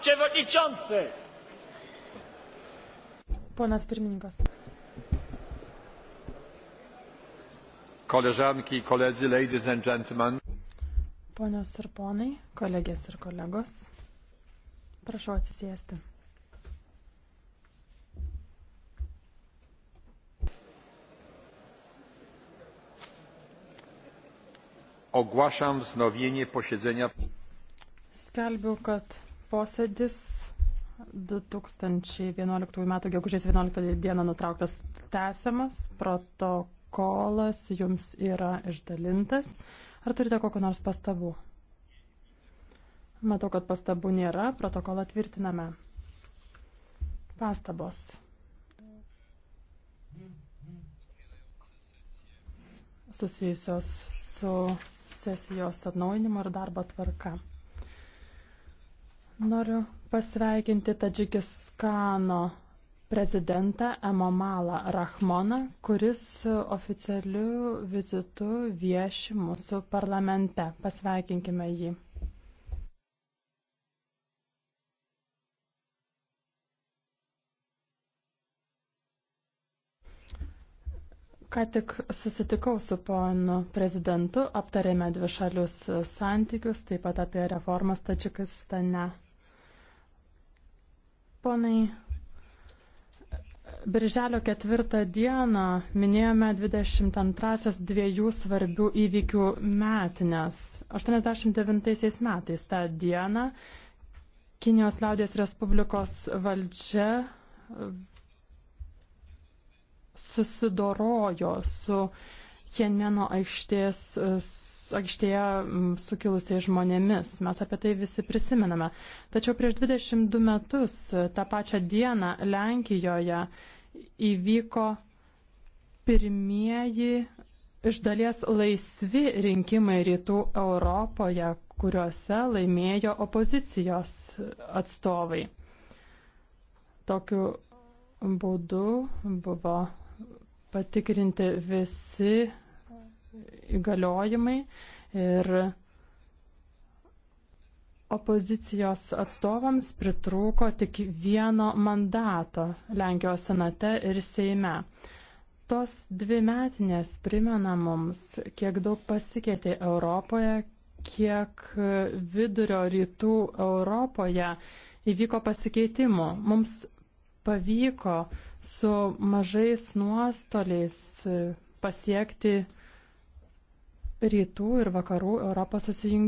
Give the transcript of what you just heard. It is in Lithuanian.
przewodniczący! Ponas pirmininkas. Koleżanki i koledzy, ladies and gentlemen. Ponios ir ponai, kolegės ir kolegos, prašau atsisėsti. Ogłaszam wznowienie posiedzenia. Skelbiu, kad posėdis 2011 m. gegužės 11 d. nutrauktas tęsiamas, protokolas jums yra išdalintas. Ar turite kokiu nors pastabų? Matau, kad pastabų nėra, protokolą tvirtiname. Pastabos. Susijusios su sesijos atnaujinimu ir darbo tvarka. Noriu pasveikinti Tadžikistano prezidentą Emomalą Rahmoną, kuris oficialiu vizitu vieši mūsų parlamente. Pasveikinkime jį. Ką tik susitikau su ponu prezidentu, aptarėme dvišalius santykius, taip pat apie reformas Tačikistane. Ponai, Birželio ketvirtą dieną minėjome 22-asias dviejų svarbių įvykių metinės. 89 metais tą dieną Kinijos liaudės Respublikos valdžia e, susidorojo su Tienmeno aikštės, e, aikštėje sukilusiais žmonėmis. Mes apie tai visi prisimename. Tačiau prieš 22 metus e, tą pačią dieną Lenkijoje įvyko pirmieji iš dalies laisvi rinkimai rytų Europoje, kuriuose laimėjo opozicijos atstovai. Tokiu būdu buvo patikrinti visi įgaliojimai ir opozicijos atstovams pritrūko tik vieno mandato Lenkijos senate ir Seime. Tos dvi metinės primena mums, kiek daug pasikeitė Europoje, kiek vidurio rytų Europoje įvyko pasikeitimų. Mums pavyko su mažais nuostoliais pasiekti rytų ir vakarų Europos susijungimą.